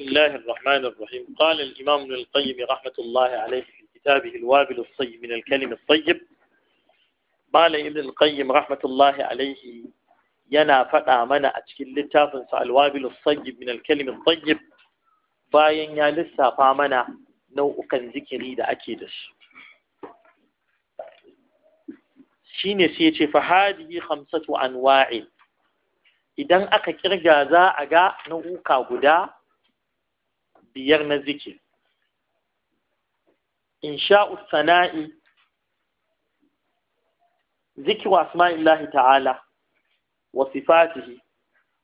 بسم الله الرحمن الرحيم قال الإمام ابن القيم رحمة الله عليه في كتابه الوابل الصيب من الكلم الطيب قال ابن القيم رحمة الله عليه yana faɗa mana a cikin littafinsa alwabilus sayyib min alkalimin tayyib bayan ya lissafa mana nau'ukan zikiri da ake da su shine sai ya ce fa hadihi khamsatu idan aka kirga za a ga nau'uka guda biyar na zikiri in sana'i zikiru asma'illahi ta'ala wa sifatihi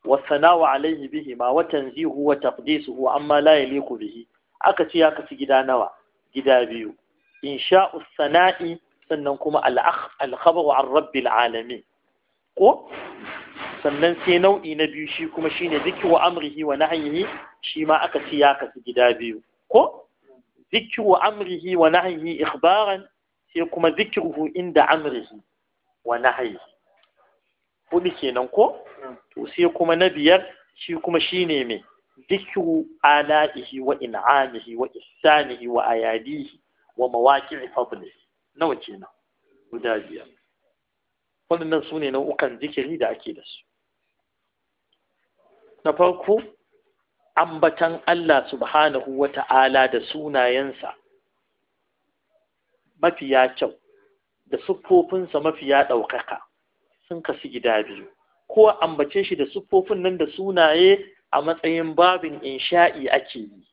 alaihi bihi ma watan zihu wa taqdisu huwa amma la bihi aka ci ya kasi gida nawa gida biyu in sana'i sannan kuma al-akhbaru an rabbil alamin ko sannan sai nau'i na biyu shi kuma shine zikru wa amrihi wa nahyihi shi ma aka ci ya kasu gida biyu ko zikru wa amrihi wa nahyihi ikhbaran sai kuma zikruhu inda amrihi wa nahyihi hudu kenan ko to sai kuma na biyar shi kuma shine me zikru ala'ihi wa in'amihi wa ihsanihi wa ayadihi wa mawaqi'i fadlihi nawa kenan guda biyar waɗannan su ne nau'ukan zikiri da ake da su na farko ambatan Allah subhanahu wa ta'ala da sunayensa mafiya kyau da siffofinsa mafiya ɗaukaka sun kasu gida biyu ko ambace shi da siffofin nan da sunaye a matsayin babin insha'i ake yi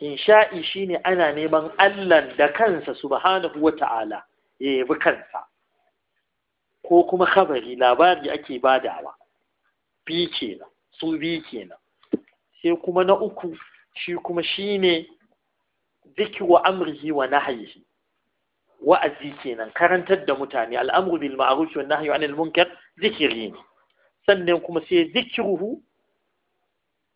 insha'i ne ana neman Allah da kansa subhanahu wa ta'ala ya yabi kansa ko kuma kabari labari ake badawa bi kenan su bi kenan sai kuma na uku shi kuma shine zikri wa amrihi wa nahyihi wa'azi kenan karantar da mutane al'amru bil ma'ruf wa nahyu anil munkar zikiri ne sannan kuma sai zikruhu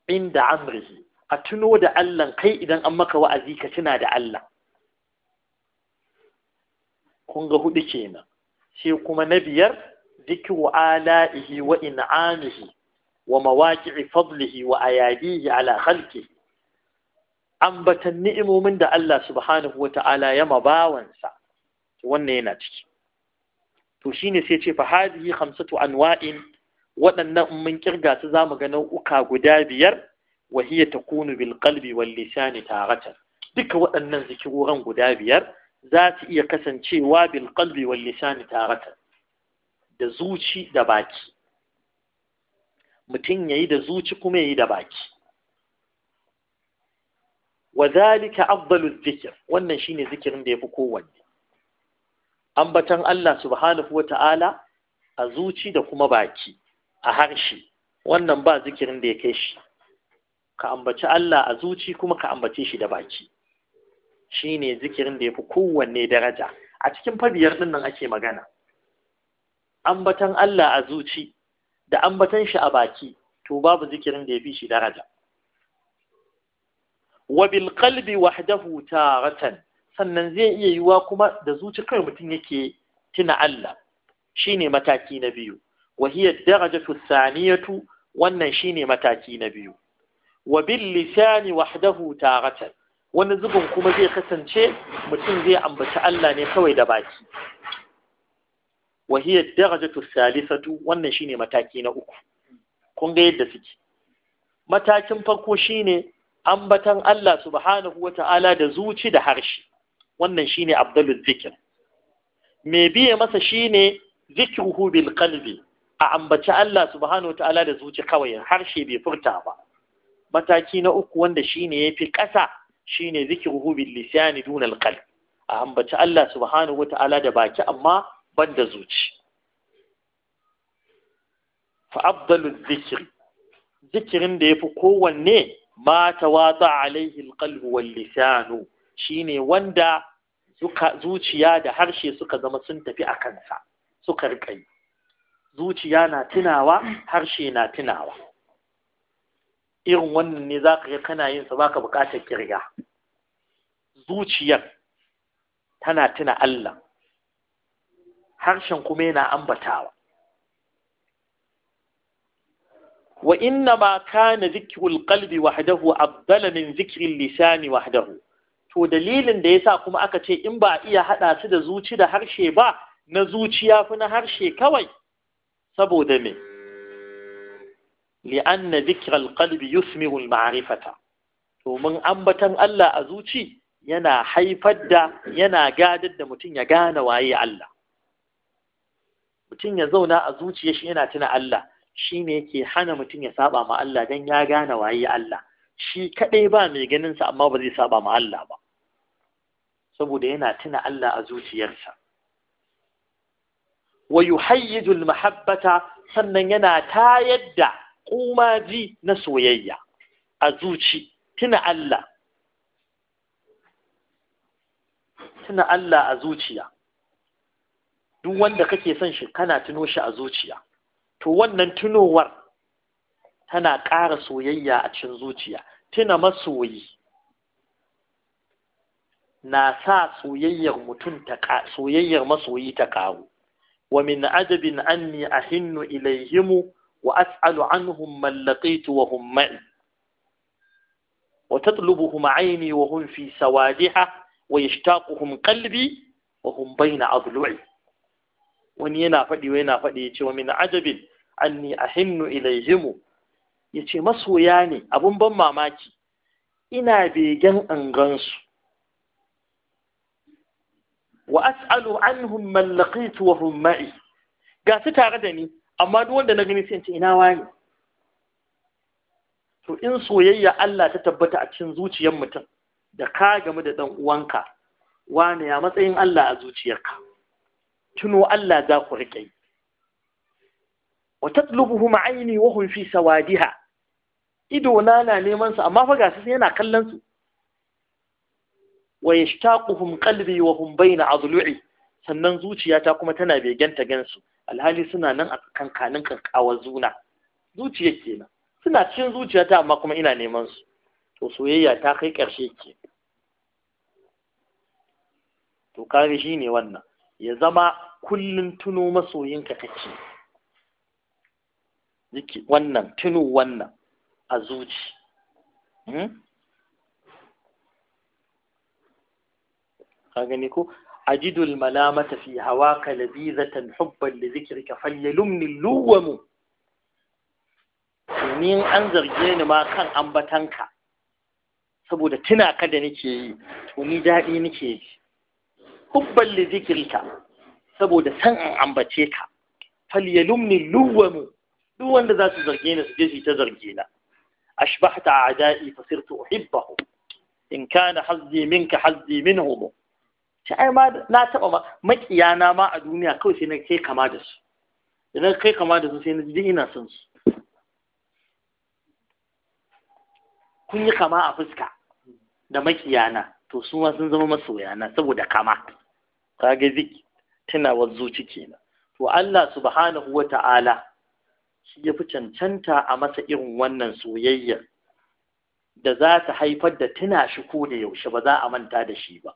inda amrihi a tuno da Allah kai idan an maka wa'azi ka tuna da Allah kun ga hudu kenan sai kuma na biyar zikru ala'ihi wa in'amihi wa ومواقع فضله وأياديه على خلقه ambatan ni'imomin da Allah subhanahu wa ta'ala ya mabawansa, wannan yana ciki. To shi ne sai ce, fahadihi hamsatu anwa'in waɗannan mun ƙirga su zamu mu ga nau'uka guda biyar, wahiyar ta kunu bil qalbi wal lisani Duka waɗannan zikiroran guda biyar za su iya kasancewa bil qalbi wal lisani da zuci da baki. mutum ya yi da zuci kuma ya yi da baki wa zalika zikir wannan shine zikirin da yafi kowanne ambatan Allah subhanahu wata'ala a zuci da kuma baki a harshe wannan ba zikirin da ya kai shi ka ambaci Allah a zuci kuma ka ambace shi da baki shine zikirin da yafi kowanne daraja a cikin fabiyar dinnan nan ake magana ambatan Allah a zuci da ambatan shi a baki to babu zikirin da ya fi shi daraja wa bil qalbi wahdahu taratan sannan zai iya yiwa kuma da zuci kai mutum yake tuna Allah shine mataki na biyu wa hiya darajatu thaniyatu wannan shine mataki na biyu wa bil lisani wahdahu taratan wani zubin kuma zai kasance mutum zai ambaci Allah ne kawai da baki wa hiya darajatu salisatu wannan shine mataki na uku kun ga yadda suke matakin farko shine ambatan Allah subhanahu wata'ala da zuci da harshe wannan shine abdalul zikir me biye masa shine zikruhu bil qalbi a ambaci Allah subhanahu wata'ala da zuci kawai harshe bai furta ba mataki na uku wanda shine yafi ƙasa shine zikruhu bil lisani dun al a ambaci Allah subhanahu wata'ala da baki amma banda zuci fa afdalu zikri zikirin da yafi kowanne ma tawata alaihi alqalbu wal lisanu shine wanda zuciya da harshe suka zama sun tafi a kansa suka rikai zuciya na tunawa harshe na tunawa irin wannan ne za ka kana yin sa baka bukatar kirga zuciyar tana tuna Allah harshen kuma yana ambatawa wa inna ma kana zikrul qalbi wahdahu afdala min zikirin lisani wahdahu to dalilin da yasa kuma aka ce in ba iya hada su da zuci da harshe ba na zuciya fi na harshe kawai saboda me li'anna zikrul qalbi yusmiru al ma'rifata domin ambatan Allah a zuci yana haifar da yana gadar da mutum ya gane waye Allah mutum ya zauna a zuciya shi yana tuna Allah shi ne yake hana mutum ya saba ma Allah don ya gane waye Allah shi kaɗai ba mai ganin sa amma ba zai saba ma Allah ba saboda yana tuna Allah a zuciyarsa wa yuhayyidul mahabbata sannan yana tayar da kumaji na soyayya a zuci tuna Allah tuna Allah a zuciya duk wanda kake son shi kana tuno shi a zuciya to wannan tunowar tana ƙara soyayya a cikin zuciya tuna masoyi na sa soyayyar mutum ta soyayyar masoyi ta ƙaru wa min ajabin anni ahinnu ilayhimu wa as'alu anhum man laqitu wa hum ma'i wa tatlubuhum aini wa hum fi sawadiha wa yashtaquhum qalbi wa hum bayna adlu'i wani yana faɗi wani yana faɗi ya ce wa min ajabin anni ahimnu ilayhimu ya ce masoya ne abun ban mamaki ina begen an gansu wa as'alu anhum man laqitu wa hum ma'i ga su tare da ni amma duk wanda na gani sai ce ina wani to in soyayya Allah ta tabbata a cikin zuciyar mutum da ka gamu da dan uwanka wane ya matsayin Allah a zuciyarka tuno Allah za ku riƙe wa tatlubuhu ma'aini wa hum fi sawadiha ido na na neman su amma fa su, yana kallon su wa yashtaquhum qalbi wa hum bayna adlu'i sannan zuciyata kuma tana ta gansu alhali suna nan a kankanin kankawar zuna zuciyar kenan suna cikin zuciyata amma kuma ina neman su to soyayya ta kai ƙarshe ke to kare ne wannan ya zama kullum tuno masoyinka kake yake wannan tuno wannan a zuci hmm? ka gani ko ajidul malamata fi hawaka labizatan hubban li zikrika falyalumni luwamu ni an zarge ni ma kan ambatanka saboda tuna ka da nake yi to ni daɗi nake yi. hubban li zikrika saboda san an ambace ka falyalumni luwamu duk wanda za su zarge ni su je su ta zarge na ashbahta a'da'i fa sirtu uhibbahu in kana hazzi minka hazzi minhum ta ai ma na taba ma makiyana ma a duniya kawai sai na kai kama da su idan kai kama da su sai na ji ina son su kun yi kama a fuska da makiyana to su ma sun zama masoyana saboda kama kage zik tunawar zuci kenan to Allah subhanahu wa ta'ala shi ya fi cancanta a masa irin wannan soyayya da za ta haifar da tuna shi ko da yaushe ba za a manta da shi ba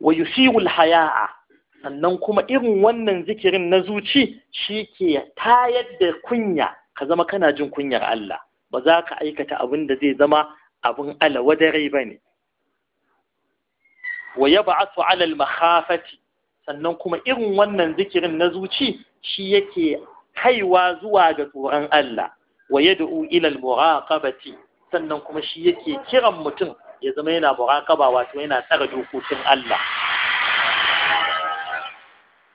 wa yusiwul haya'a sannan kuma irin wannan zikirin na zuci shi ke tayar da kunya ka zama kana jin kunyar Allah ba za ka aikata abin da zai zama abin alawadarai ba ne wa yab'athu 'ala al-makhafati sannan kuma irin wannan zikirin na zuci shi yake kaiwa zuwa ga tsoron Allah wa yad'u ila al-muraqabati sannan kuma shi yake kiran mutum ya zama yana muraqaba wato yana tsara dokokin Allah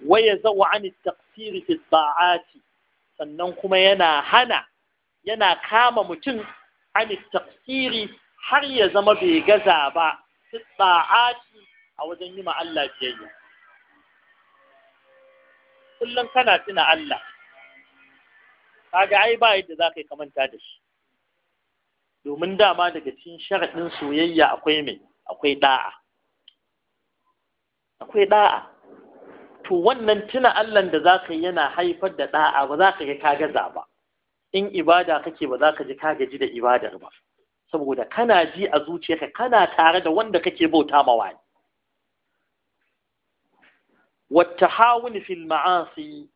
wa yazau 'an at fi ta'ati sannan kuma yana hana yana kama mutum an taqsiri har ya zama bai gaza ba fi ta'ati a wajen yi ma Allah biyayya kullum kana tuna Allah kaga ai ba yadda za ka yi kamanta da shi domin dama daga cikin sharaɗin soyayya akwai mai akwai ɗa'a. akwai ɗa'a? to wannan tuna Allah da za ka yi yana haifar da ɗa'a ba za ka ga ka gaza ba in ibada kake ba za ka ji ka gaji da ibadar ba saboda kana ji a zuciyarka kana tare da wanda kake bauta ma wani والتحاول في المعاصي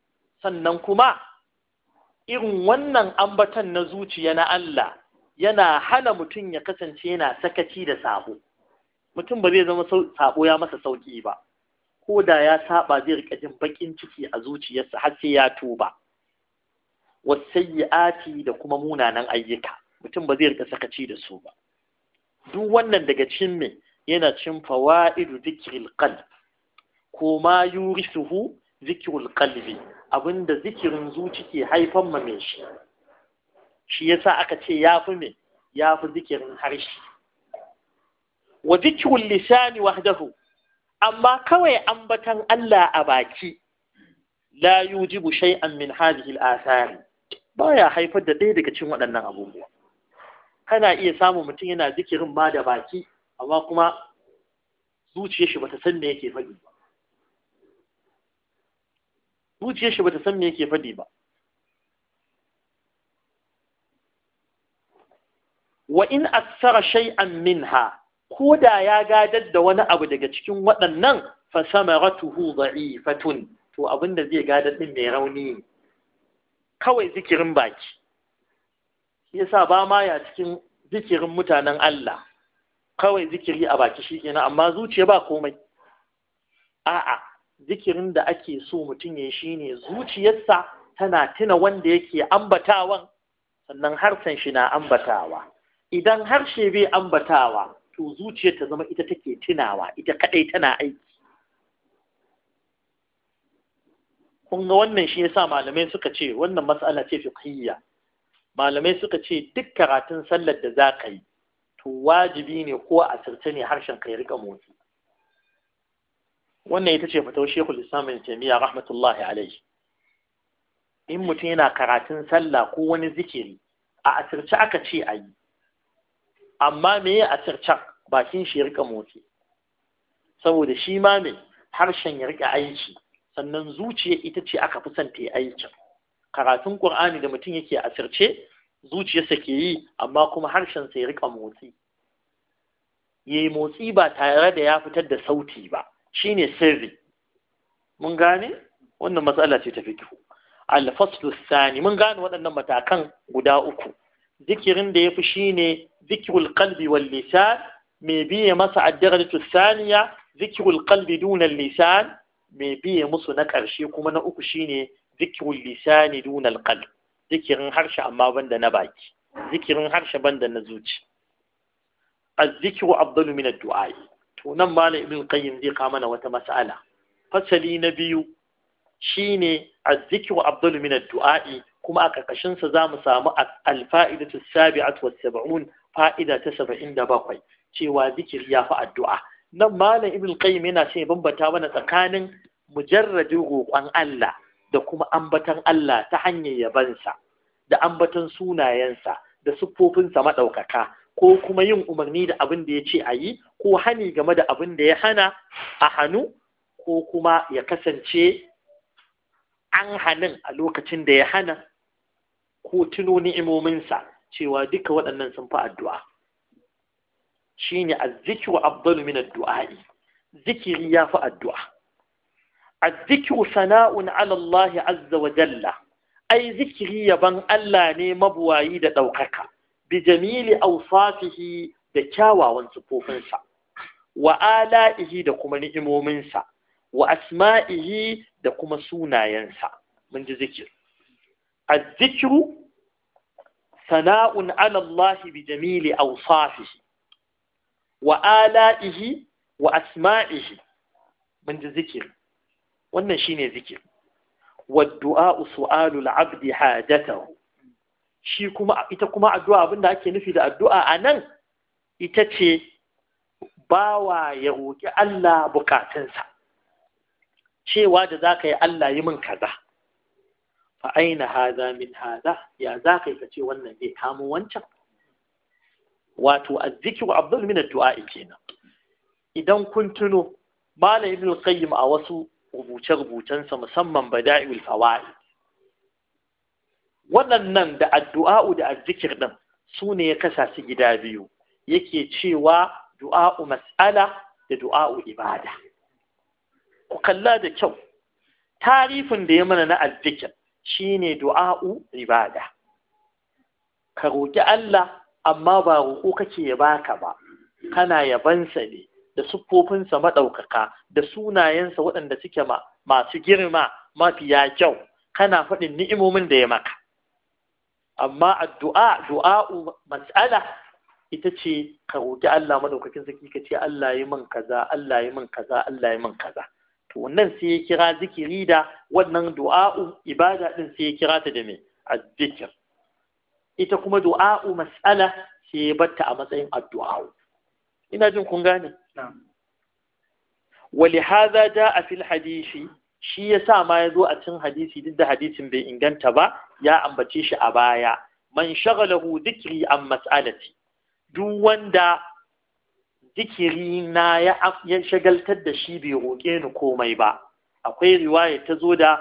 sannan kuma irin wannan ambatan na zuciya na Allah yana hana mutum ya kasance yana sakaci da sabo mutum ba zai zama sabo ya masa sauki ba ko da ya saba zai rika jin bakin ciki a zuciyarsa har sai ya tuba wasayyi'ati da kuma munanan ayyuka mutum ba zai rika sakaci da su ba duk wannan daga cikin me yana cin fawaidu dhikril qalb ko ma suhu zikirul kalbi abinda zikirin zuci ke haifan ma mai shi shi yasa aka ce ya fi me yafi zikirin harshe wa zikirul lisani wahdahu amma kawai ambatan Allah a baki la yujibu shay'an min hadhihi al-athar baya haifar da ɗaya daga cikin waɗannan abubuwa kana iya samun mutum yana zikirin ba da baki amma kuma zuciyar shi bata san me yake faɗi ba zuciyar shi bata san me yake faɗi ba wa in asara shay'an minha ko da ya gadar da wani abu daga cikin waɗannan fa samaratuhu dha'ifatun to abinda zai gadar din mai rauni kawai zikirin baki yasa ba ma ya cikin zikirin mutanen Allah kawai zikiri a baki shi kenan amma zuciya ba komai a'a zikirin da ake so mutum ya shi ne zuciyarsa tana tuna wanda yake ambatawan sannan harshen shi na ambatawa idan harshe bai ambatawa to zuciyar ta zama ita take tunawa ita kadai tana aiki kun ga wannan shi yasa malamai suka ce wannan mas'ala ce fiqhiyya malamai suka ce duk karatun sallar da za ka yi to wajibi ne ko a sirce ne harshen ka ya rika motsi wannan ita ce fatawar shekul islam ibn rahmatullahi alaihi in mutum yana karatun sallah ko wani zikiri a asirce aka ce a yi amma me ya asirce bakin shi ya rika motsi saboda shi ma me harshen ya rika aiki sannan zuciya ita ce aka fi son ta yi aiki. karatun ƙur'ani da mutum yake asirce zuciyarsa ke yi amma kuma harshen sa ya rika motsi yayi motsi ba tare da ya fitar da sauti ba shine sirri mun gane wannan matsala ce ta fikihu al thani mun gane waɗannan matakan guda uku zikirin da yafi shine zikrul qalbi wal lisan me biye masa ad-darajatu thaniya zikrul qalbi duna lisan me biye musu na ƙarshe kuma na uku shine zikrul lisani duna al-qalb zikirin harshe amma banda na baki zikirin harshe banda na zuci az-zikru afdalu min to nan malam ibn qayyim zai kama wata mas'ala fasali na biyu shine azzikru afdalu min ad-du'a'i kuma a karkashin sa zamu samu al-fa'idatu as-sabi'atu was-sab'un fa'ida ta 77 cewa zikir ya fi addu'a nan malam ibn qayyim yana sai bambata mana tsakanin mujarradin roƙon Allah da kuma ambatan Allah ta hanyar yabansa da ambatan sunayensa da siffofinsa maɗaukaka ko kuma yin umarni da abin da ya ce a yi ko hani game da abin da ya hana a hannu ko kuma ya kasance an hannun a lokacin da ya hana ko tuno ni'imominsa cewa duka waɗannan sun fi addu'a shi ne a zikiru abdullu min addu'a'i zikiri ya fi addu'a A azzikiru sana'un alallahi Allah azza wa jalla ai zikiri yaban Allah ne mabuwayi da ɗaukaka bi jamili awsafihi da kyawawan sifofinsa wa ala'ihi da kuma ni'imominsa wa asma'ihi da kuma sunayensa mun ji zikir az-zikru sana'un 'ala Allah bi jamili awsafihi wa ala'ihi wa asma'ihi mun ji zikir wannan shine zikir wa du'a su'alul 'abdi hajatahu shi kuma ita kuma addu'a abinda ake nufi da addu'a a nan ita ce bawa ya roƙi Allah bukatunsa cewa da za ka yi Allah yi min kaza fa aina haza min haza ya za ka yi ka ce wannan zai kamo wancan wato azziki wa abdul min addu'a kenan idan kun tuno malam ibn qayyim a wasu rubuce-rubucensa musamman bada'iul fawaid waɗannan da addu'a'u da azzikir ɗin su ne ya kasa su gida biyu yake cewa du'a'u mas'ala da du'a'u ibada ku kalla da kyau tarifin da ya mana na azzikir shine du'a'u ibada ka roƙi Allah amma ba roƙo kake ya baka ba kana yabansa ne da siffofinsa maɗaukaka da sunayensa waɗanda suke masu girma mafiya kyau kana faɗin ni'imomin da ya maka amma addu'a du'a'u mas'ala ita ce ka roki Allah madaukakin sarki ka ce Allah yi min kaza Allah yi min kaza Allah yi min kaza to wannan sai ya kira zikiri da wannan du'a'u ibada din sai ya kira ta da me azzikir ita kuma du'a'u mas'ala sai ya batta a matsayin addu'a ina jin kun gane na'am ولهذا جاء في الحديث shi ya sa ma ya zo a cin hadisi duk da hadisin bai inganta ba ya ambace shi a baya man shagalahu dikiri an mas'alati duk wanda dikiri na ya shagaltar da shi bai roƙe ni komai ba akwai riwaya ta zo da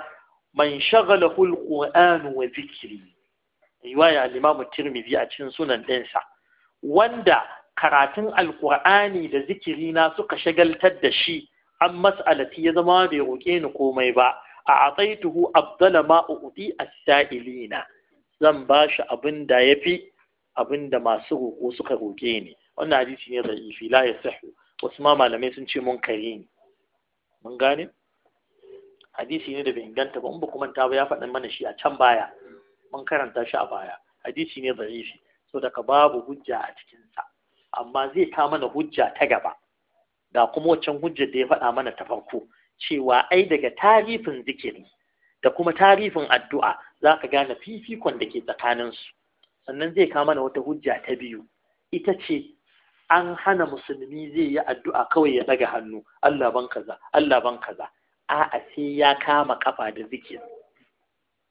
man shagalahu alqur'anu wa zikiri riwaya al-imam tirmidhi a cikin sunan ɗinsa wanda karatun Alƙur'ani da zikiri na suka shagaltar da shi an mas'alati ya zama bai roƙe ni komai ba a ataituhu abdala ma uudi as-sa'ilina zan bashi abin da yafi abin da masu roƙo suka roƙe ni wannan hadisi ne ifi la sahu. wasu ma malamai sun ce mun kare ni mun gane hadisi ne da bai inganta ba in ba kuma ta ba ya faɗin mana shi a can baya mun karanta shi a baya hadisi ne ifi so daga babu hujja a cikinsa amma zai ta mana hujja ta gaba ga kuma waccan hujjar da ya faɗa mana ta farko cewa ai daga tarifin zikiri da kuma tarifin addu'a za ka gane fifikon da ke tsakaninsu sannan zai kama mana wata hujja ta biyu ita ce an hana musulmi zai yi addu'a kawai ya daga hannu Allah ban kaza Allah ban kaza a'a sai ya kama kafa da zikiri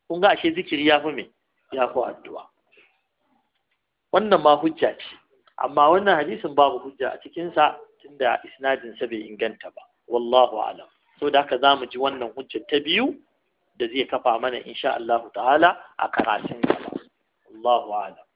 kun ga ashe zikiri ya fi me ya fi addu'a wannan ma hujja ce amma wannan hadisin babu hujja a cikinsa tunda isnadin sa bai inganta ba wallahu alam so da haka zamu ji wannan hujjar ta biyu da zai kafa mana insha Allah ta'ala a karatun gaba wallahu alam